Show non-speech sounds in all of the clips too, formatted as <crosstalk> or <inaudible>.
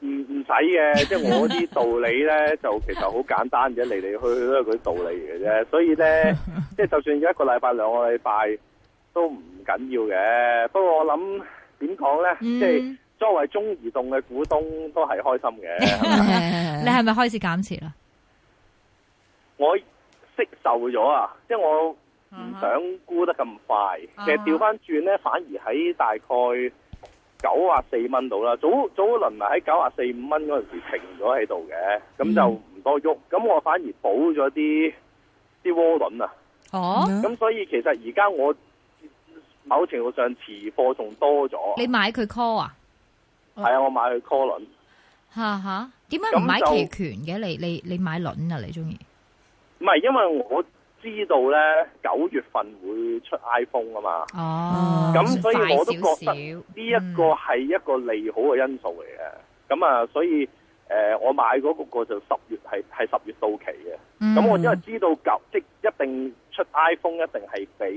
唔唔使嘅，即係我啲道理咧， <laughs> 就其實好簡單嘅，嚟嚟去去都係嗰啲道理嘅啫。所以咧，即係 <laughs> 就算一個禮拜、兩個禮拜都唔緊要嘅。不過我諗點講咧，麼呢嗯、即係作為中移動嘅股東都係開心嘅。 <laughs> 是吧你係咪開始減持啦？我釋受咗啊！即係我唔想沽得咁快，uh huh. 其實調翻轉咧，反而喺大概。九啊四蚊度啦，早早一輪咪喺九啊四五蚊嗰陣時停咗喺度嘅，咁就唔多喐，咁、嗯、我反而補咗啲啲窩輪啊，哦，咁所以其實而家我某程度上持貨仲多咗，你買佢 call 啊？係啊，我買佢 call 輪，吓吓，點解唔買期權嘅？你你你買輪啊？你中意？唔係，因為我。知道咧九月份會出 iPhone 啊嘛，咁、oh, 所以我都覺得呢一個係一個利好嘅因素嚟嘅。咁、oh, 啊，所以、呃、我買嗰個就十月係係十月到期嘅。咁、mm. 我因為知道九即一定出 iPhone 一定係俾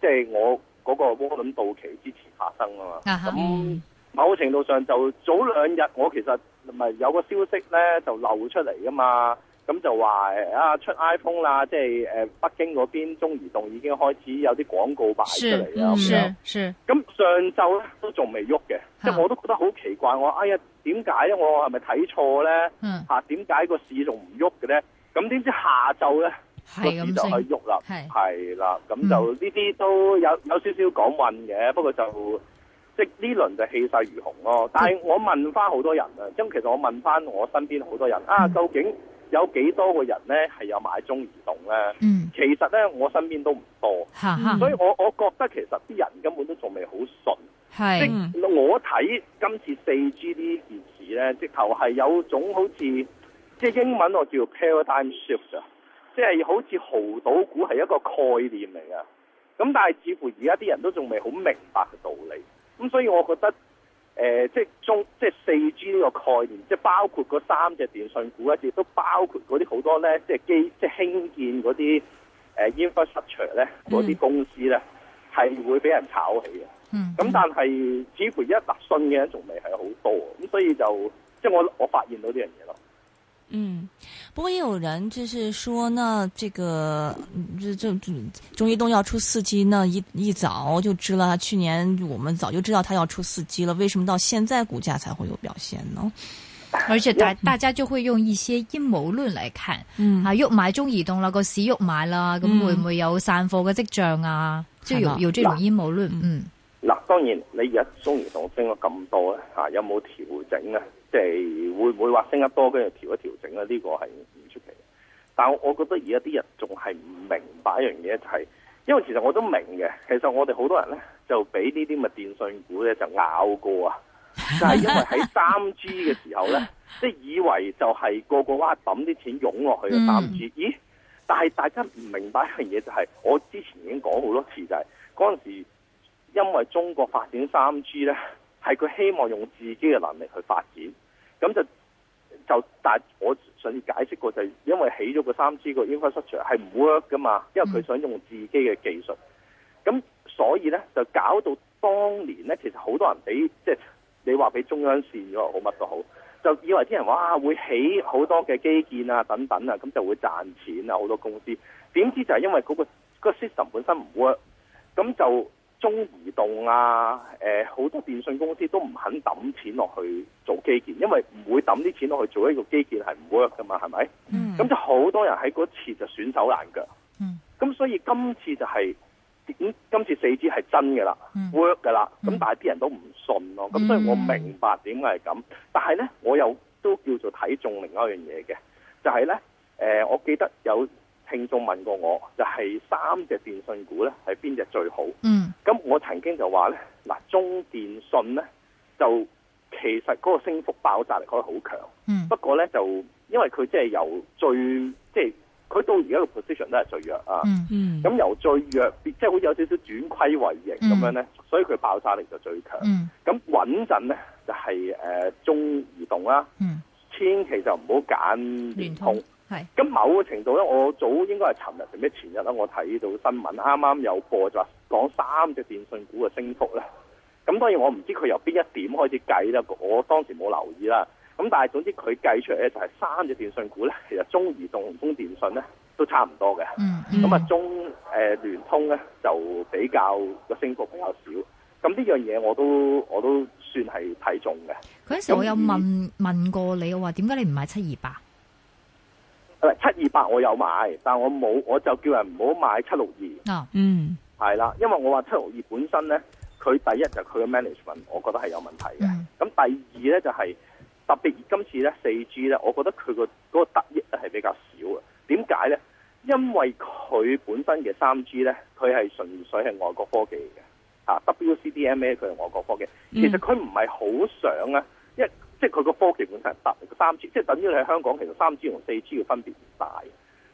即係我嗰個窩輪到期之前發生啊嘛。咁、uh huh. 某程度上就早兩日我其實唔係有個消息咧就漏出嚟噶嘛。咁就話啊出 iPhone 啦，即係誒北京嗰邊中移動已經開始有啲廣告擺出嚟啦。咁樣，咁上晝咧都仲未喐嘅，即係我都覺得好奇怪，我哎呀點解咧？我係咪睇錯咧？吓點解個市仲唔喐嘅咧？咁點知下晝咧個市就去喐啦。係啦，咁就呢啲都有有少少講運嘅，不過就即係呢輪就氣勢如虹咯。但係我問翻好多人啊，即其實我問翻我身邊好多人啊，究竟？有幾多個人咧係有買中移動咧？嗯、其實咧，我身邊都唔多，嗯、所以我我覺得其實啲人根本都仲未好順。是即、嗯、我睇今次四 G 呢件事咧，直頭係有種好似即英文我叫 paradigm shift 啊，即係好似豪賭股係一個概念嚟噶。咁但係似乎而家啲人都仲未好明白嘅道理。咁所以我覺得。誒、呃，即係中，即係四 G 呢個概念，即係包括嗰三隻電信股，亦都包括嗰啲好多咧，即係基，即係興建嗰啲誒 infrastructure 咧，嗰、呃、啲公司咧，係、嗯、會俾人炒起嘅。咁、嗯、但係似、嗯、乎一特信嘅仲未係好多，咁所以就即係我我發現到呢樣嘢咯。嗯，不過也有人就是說，呢，這個，這這中移動要出四 G，呢一一早就知啦。去年我們早就知道它要出四 G 了，為什麼到現在股價才會有表現呢？而且大大家就會用一些陰謀論來看，嗯、啊郁買中移動啦，個市郁買啦，咁、嗯、會唔會有散貨嘅跡象啊？就有吧有這種陰謀論，嗯。嗱，當然你而家中移動升咗咁多咧，吓、啊、有冇調整啊？即係會唔會話升得多，跟住調一調整咧？呢、這個係唔出奇嘅。但係我覺得而家啲人仲係唔明白一樣嘢、就係，就係因為其實我都明嘅。其實我哋好多人呢，就俾呢啲咪電信股呢，就咬過啊！就係因為喺三 G 嘅時候呢，即係以為就係個個哇抌啲錢湧落去啊，三 G、嗯、咦？但係大家唔明白一樣嘢、就係，就係我之前已經講好多次、就係，就係嗰陣時因為中國發展三 G 呢，係佢希望用自己嘅能力去發展。咁就就但，我上次解釋過就係因為起咗個三 G 個 infrastructure 係唔 work 噶嘛，因為佢想用自己嘅技術，咁所以呢，就搞到當年呢，其實好多人俾即係你話俾中央線又好乜都好，就以為啲人話、啊、會起好多嘅基建啊等等啊，咁就會賺錢啊好多公司，點知就係因為嗰、嗰個嗰個 system 本身唔 work，咁就。中移動啊，誒、呃、好多電信公司都唔肯抌錢落去做基建，因為唔會抌啲錢落去做一個基建係唔 work 噶嘛，係咪？嗯。咁就好多人喺嗰次就損手爛腳。嗯。咁所以今次就係、是、點？今次四支係真嘅啦、嗯、，work 噶啦。咁、嗯、但係啲人都唔信咯。咁所以我明白點解係咁，但係咧我又都叫做睇中另外一樣嘢嘅，就係咧誒，我記得有。聽眾問過我，就係、是、三隻電信股咧，係邊隻最好？嗯，咁我曾經就話咧，嗱，中電信咧就其實嗰個升幅爆炸力可以好強，嗯，不過咧就因為佢即係由最即係佢到而家嘅 position 都係最弱啊，嗯嗯，咁、嗯、由最弱即係好似有少少轉虧為盈咁樣咧，嗯、所以佢爆炸力就最強，嗯，咁穩陣咧就係、是、誒、呃、中移動啦、啊，嗯，千祈就唔好揀聯通。係，咁是某個程度咧，我早應該係尋日定咩前日啦，我睇到新聞，啱啱有播就話講三隻電信股嘅升幅呢。咁當然我唔知佢由邊一點開始計啦，我當時冇留意啦。咁但係總之佢計出嚟咧，就係三隻電信股咧，其實中移動、中電信咧都差唔多嘅，嗯。嗯咁啊，中誒、呃、聯通咧就比較個升幅比較少。咁呢樣嘢我都我都算係睇中嘅。嗰陣時我有問、嗯、問過你，我話點解你唔買七二八？七二八我有買，但我冇，我就叫人唔好買七六二。啊，嗯，係啦，因為我話七六二本身咧，佢第一就佢嘅 management，我覺得係有問題嘅。咁第二咧就係特別今次咧四 G 咧，我覺得佢個個得益咧係比較少嘅。點解咧？因為佢本身嘅三 G 咧，佢係純粹係外國科技嘅，啊，WCDMA 佢係外國科技，其實佢唔係好想啊，因為。即係佢個科技本身係得個三 G，即係等於你喺香港，其實三 G 同四 G 嘅分別唔大。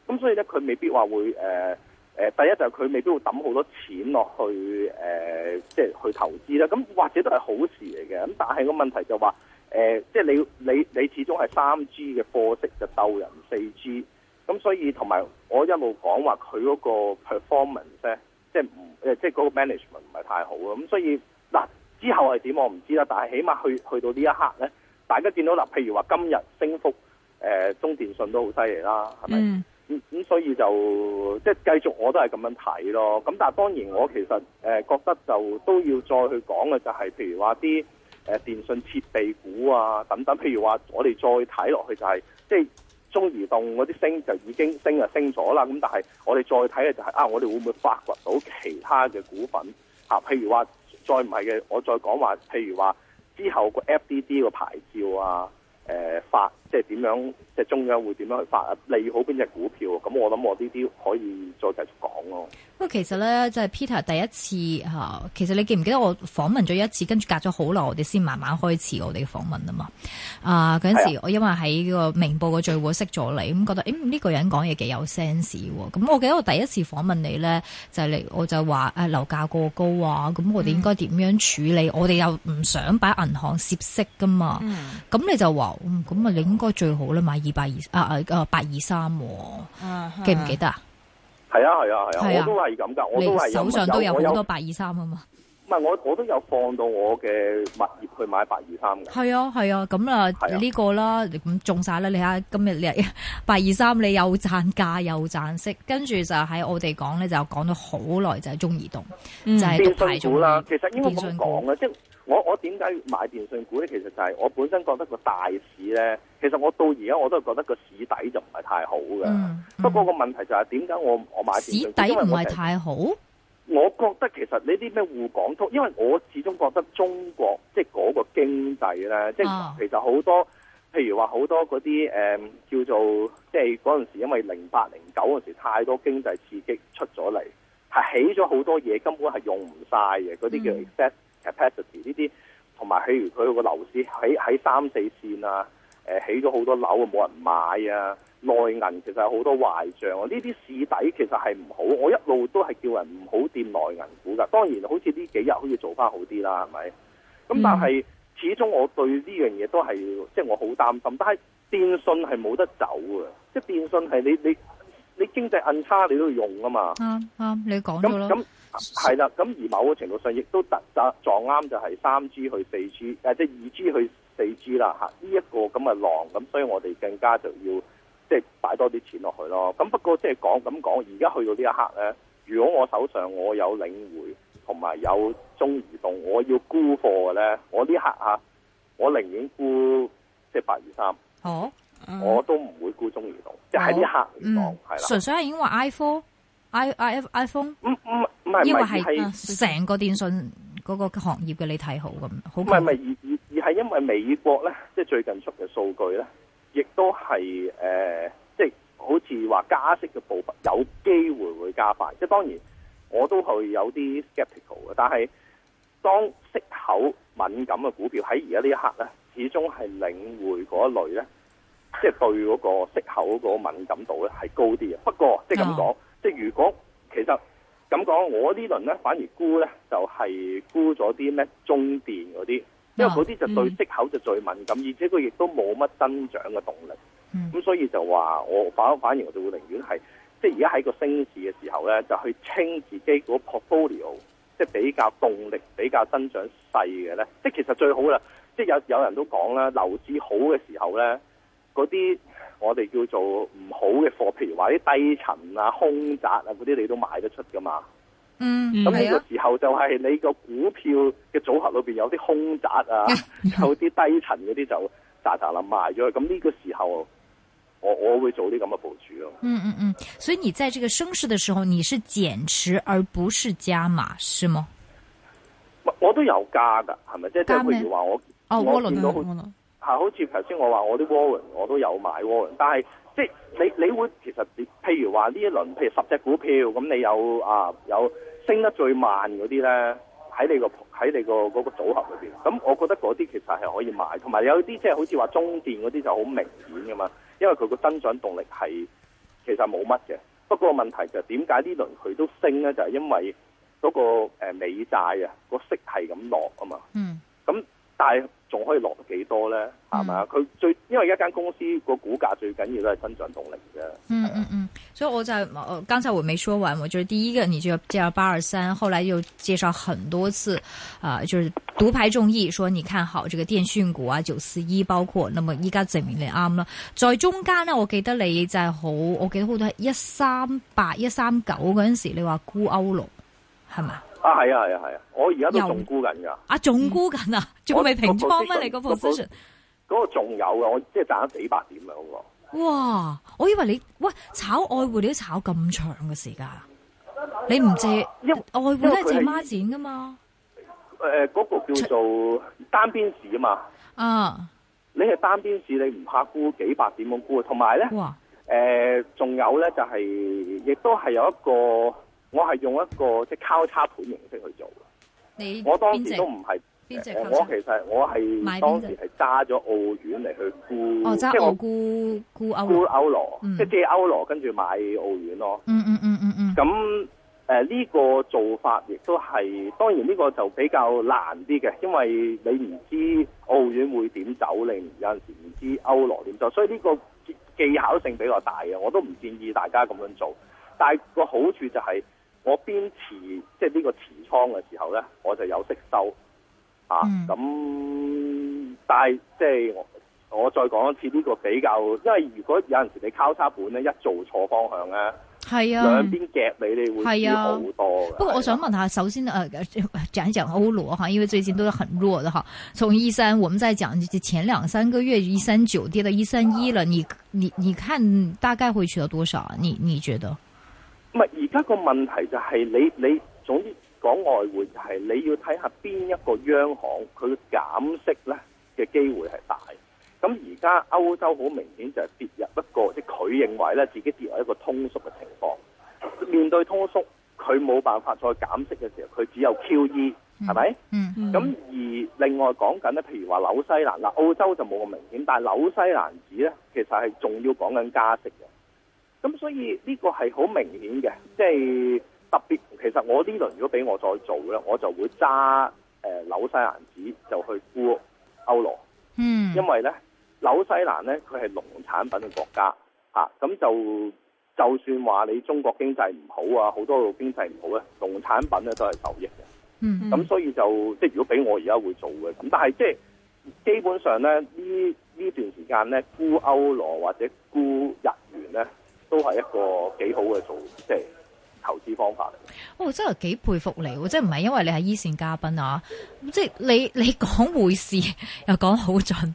咁所以咧，佢未必話會誒誒、呃呃，第一就係佢未必會抌好多錢落去誒、呃，即係去投資啦。咁或者都係好事嚟嘅。咁但係個問題就話誒、呃，即係你你你始終係三 G 嘅模式就鬥人四 G。咁所以同埋我一路講話佢嗰個 performance 咧，即係唔誒，即係嗰個 management 唔係太好啊。咁所以嗱，之後係點我唔知啦。但係起碼去去到呢一刻咧。大家見到啦，譬如話今日升幅，誒中電信都好犀利啦，係咪？咁、mm. 嗯、所以就即係繼續，我都係咁樣睇咯。咁但係當然，我其實誒覺得就都要再去講嘅，就係譬如話啲誒電信設備股啊等等。譬如話，我哋再睇落去就係、是、即係中移動嗰啲升就已經就升啊升咗啦。咁但係我哋再睇嘅就係、是、啊，我哋會唔會發掘到其他嘅股份、啊、譬如話，再唔係嘅，我再講話，譬如話。之後個 F.D.D 個牌照啊，誒、呃、發。即係點樣？即係中央會點樣去發利好邊隻股票？咁我諗我呢啲可以再繼續講咯。咁其實咧，即、就、係、是、Peter 第一次嚇。其實你記唔記得我訪問咗一次，跟住隔咗好耐，我哋先慢慢開始我哋嘅訪問啊嘛。啊，嗰陣時我因為喺個明報嘅聚會識咗你，咁覺得呢、欸呢個人講嘢幾有 sense 喎。咁我記得我第一次訪問你咧，就係、是、你我就話誒、哎、樓價過高啊，咁我哋應該點樣處理？嗯、我哋又唔想擺銀行涉息噶嘛。咁、嗯、你就話嗯，咁啊你應，最好啦，買二百二啊啊八二三，哦，啊、記唔記得係啊？係啊係啊係啊我，我都係咁噶，我都係手上都有好多八二三啊嘛。唔係我有我，有我都有放到我嘅物業去買八二三嘅。係啊係啊，咁啊呢、啊、個啦，咁中晒啦，你睇下今日你八二三，你又賺價又賺息，跟住就喺我哋講咧，就講咗好耐，就係中移動，嗯、就係都排咗。移其實應該咁講嘅，即我我點解買電訊股咧？其實就係我本身覺得個大市咧，其實我到而家我都係覺得個市底就唔係太好嘅。嗯嗯、不過個問題就係點解我我買電訊股？市底唔係太好。我覺得其實你啲咩滬港通，因為我始終覺得中國即嗰、就是、個經濟咧，即、啊、其實好多，譬如話好多嗰啲、嗯、叫做即嗰陣時，因為零八零九嗰陣時太多經濟刺激出咗嚟，係起咗好多嘢，根本係用唔晒嘅嗰啲叫 excess、嗯 capacity 呢啲，同埋譬如佢個樓市喺喺三四線啊，誒起咗好多樓啊，冇人買啊，內銀其實有好多壞賬啊，呢啲市底其實係唔好，我一路都係叫人唔好掂內銀股噶。當然好似呢幾日好似做翻好啲啦，係咪？咁但係始終我對呢樣嘢都係即係我好擔心，但係電信係冇得走啊，即係電信係你你。你你經濟暗差你都要用啊嘛，啱啱、嗯嗯、你講咗咁係啦，咁而某個程度上亦都突突撞啱就係三 G 去四 G，即係二 G 去四 G 啦嚇，呢、啊、一、這個咁嘅浪，咁所以我哋更加就要即係、就是、擺多啲錢落去咯。咁不過即係講咁講，而家去到呢一刻咧，如果我手上我有領匯同埋有中移動，我要沽貨嘅咧，我呢刻嚇、啊，我寧願沽即係八二三。好、就是。啊我都唔會估中移動，嗯、就係呢一刻嚟講係啦。純、嗯、了粹係已經話 iPhone，i i iPhone。唔唔唔係係成個電訊嗰個行業嘅你睇好咁。唔係唔係而而而係因為美國咧，即係最近出嘅數據咧，亦都係誒、呃，即係好似話加息嘅步伐有機會會加快。即係當然，我都係有啲 skeptical 嘅。但係當息口敏感嘅股票喺而家呢一刻咧，始終係領匯嗰類咧。即係對嗰個息口嗰個敏感度咧係高啲嘅。不過、就是 oh. 即係咁講，即係如果其實咁講，我這輪呢輪咧反而沽咧就係、是、沽咗啲咩中電嗰啲，因為嗰啲就對息口就最敏感，oh. mm. 而且佢亦都冇乜增長嘅動力。咁、mm. 嗯、所以就話我反反而我就會寧願係即係而家喺個升市嘅時候咧，就去清自己個 portfolio，即係比較動力、比較增長細嘅咧。即係其實最好啦。即係有有人都講啦，樓市好嘅時候咧，嗰啲我哋叫做唔好嘅貨，譬如話啲低層啊、凶宅啊嗰啲，那些你都賣得出噶嘛？嗯，咁呢、啊、個時候就係你個股票嘅組合裏邊有啲凶宅啊，啊有啲低層嗰啲就渣喳啦賣咗。咁呢個時候我，我我會做啲咁嘅部署。咯、嗯。嗯嗯嗯，所以你喺呢個升勢嘅時候，你是減持而不是加碼，是嗎？我都有加噶，係咪？即係美譬如話我、哦、我見到。啊、好似頭先我話我啲 warrant，我都有買 warrant，但係即係你你會其實譬如話呢一輪，譬如十隻股票咁，你有啊有升得最慢嗰啲咧，喺你個喺你個嗰個組合裏邊，咁我覺得嗰啲其實係可以買，同埋有啲即係好似話中電嗰啲就好明顯噶嘛，因為佢個增長動力係其實冇乜嘅。不過問題就係點解呢輪佢都升咧？就係因為嗰個美債啊個息係咁落啊嘛。嗯。咁。但係仲可以落得幾多咧？係嘛？佢、嗯、最因為一間公司個股價最緊要都係增長動力嘅。嗯嗯嗯，所以我就誒，剛才我未說完，我就是第一個，你就介紹八二三，後來又介紹很多次，啊，就是獨排眾議，說你看好這個電訊股啊，九四一，包括咁啊，依家證明你啱啦。在中間呢，我記得你就係好，我記得好多係一三八、一三九嗰陣時，你話沽歐龍係嘛？是啊係啊係啊係啊！我而家都仲沽緊噶。啊仲沽緊啊？仲未平倉咩？你、那個 p o 嗰個仲、那個那個、有啊，我即係賺咗幾百點啊。嗰個。哇！我以為你喂炒外匯你都炒咁長嘅時間，啊、你唔借因外匯咧借孖展噶嘛？誒，嗰、呃那個叫做單邊市啊嘛。啊。你係單邊市，你唔怕沽幾百點咁沽？同埋咧，誒哇，仲、呃、有咧就係、是，亦都係有一個。我係用一個即係交叉盤形式去做。你我當時都唔係我其實我係當時係揸咗澳元嚟去沽，即係我沽沽歐沽歐羅，即係借歐羅跟住買澳元咯。嗯嗯嗯嗯嗯。咁誒呢個做法亦都係，當然呢個就比較難啲嘅，因為你唔知澳元會點走，你有陣時唔知歐羅點走，所以呢個技巧性比較大嘅，我都唔建議大家咁樣做。但係個好處就係、是。我邊持即係呢個持倉嘅時候咧，我就有息收嚇。咁、啊嗯、但係即係我我再講一次呢、這個比較，因為如果有陣時你交叉盤咧一做錯方向咧，係啊，兩邊夾你，你會輸好多。啊啊、不過我想問下，首先咧，誒、呃，講一講歐羅哈，因為最近都係很弱嘅哈。從一三，我們再講前兩三個月一三九跌到一三一了，嗯、你你你看大概會取到多少？你你覺得？一個問題就係你你總之講外匯，就係你要睇下邊一個央行佢減息咧嘅機會係大。咁而家歐洲好明顯就係跌入一個即佢、就是、認為咧自己跌入一個通縮嘅情況。面對通縮，佢冇辦法再減息嘅時候，佢只有 QE 係咪？嗯嗯。咁而另外講緊咧，譬如話紐西蘭嗱，澳洲就冇咁明顯，但係紐西蘭紙咧其實係仲要講緊加息嘅。咁所以呢個係好明顯嘅，即係特別。其實我呢輪如果俾我再做呢，我就會揸誒紐西蘭紙就去沽歐羅。嗯，因為呢紐西蘭呢，佢係農產品嘅國家嚇，咁就就算話你中國經濟唔好啊，好多個經濟唔好啊，農產品呢都係受益嘅。嗯嗯。咁所以就即係如果俾我而家會做嘅，咁但係即係基本上呢呢呢段時間呢，沽歐羅或者沽日元呢，都係一個幾好嘅做即係投資方法嚟。哦，真係幾佩服你，即係唔係因為你係一線嘉賓啊？即係你你講回事又講好準，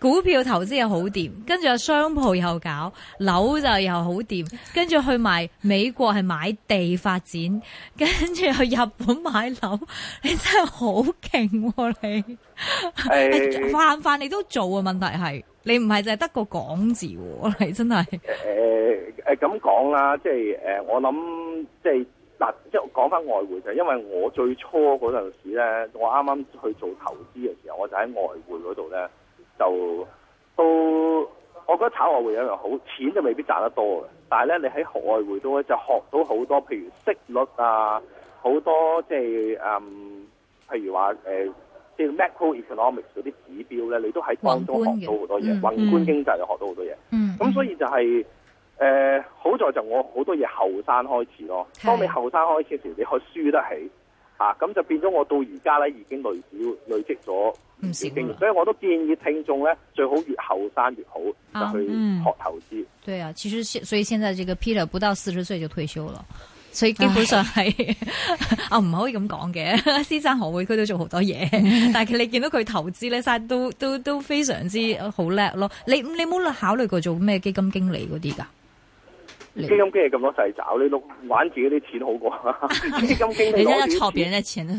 股票投資又好掂，跟住又商鋪又搞，樓就又好掂，跟住去埋美國係買地發展，跟住去日本買樓，你真係好勁，你、哎、泛泛你都做啊？問題係。你唔係淨係得個講字喎，你真係咁講啦，即係、呃呃就是呃、我諗即係嗱，即係講翻外匯就係，因為我最初嗰陣時咧，我啱啱去做投資嘅時候，我就喺外匯嗰度咧就都，我覺得炒外匯有樣好，錢就未必賺得多嘅，但係咧你喺學外匯都咧就學到好多，譬如息率啊，好多即係誒，譬如話啲 macroeconomics 嗰啲指標咧，你都喺當中學到好多嘢，宏觀，嗯、宏觀經濟又學到好多嘢。嗯。嗯，咁所以就係、是、誒，呃、好在就我好多嘢後生開始咯。嗯、當你後生開始嘅時候，你可以輸得起是啊！咁就變咗我到而家咧，已經累積累積咗唔少經驗。所以我都建議聽眾咧，最好越後生越好，就去學投資，啊嗯。對啊，其實所以現在這個 Peter 不到四十歲就退休喇。所以基本上係啊，唔唉可以咁講嘅。獅子山學會佢都做好多嘢，但係佢你見到佢投資咧，實都都都非常之好叻咯。你你冇考慮過做咩基金經理嗰啲噶？基金經理咁多細找，你都玩自己啲錢好過。基金經理、啊、你攞錯別人嘅錢啊！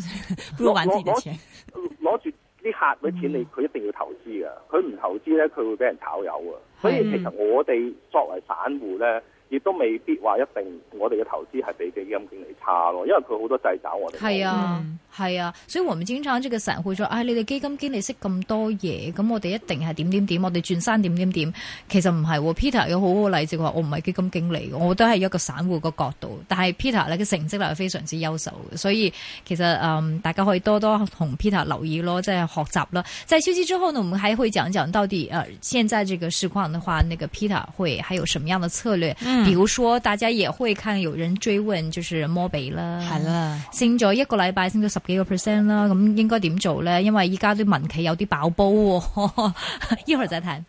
你攞攞住啲客嘅啲錢，你佢一定要投資噶。佢唔、嗯、投資咧，佢會俾人炒魷啊。所以其實我哋作為散戶咧。亦都未必話一定，我哋嘅投資係比基金經理差咯，因為佢好多掣肘我哋。係啊，係啊，所以我們經常這個散戶成日會就話：你哋基金經理識咁多嘢，咁我哋一定係點點點，我哋轉山點點點。其實唔係、喎、，Peter 有好好例子話，我唔係基金經理，我都係一個散戶嘅角度。但係 Peter 你嘅成績咧係非常之優秀嘅，所以其實、嗯、大家可以多多同 Peter 留意咯，即係學習啦。即係休息之後呢，我們還會講一講到底，呃，現在這個市況的話，那個 Peter 會係有什麼樣的策略？嗯嗯，比如說，大家也會看有人追問，就是摩比啦，係啦，升咗一個禮拜，升咗十幾個 percent 啦，咁應該點做咧？因為依家啲民企有啲爆煲，哦， <laughs> 一會兒再談。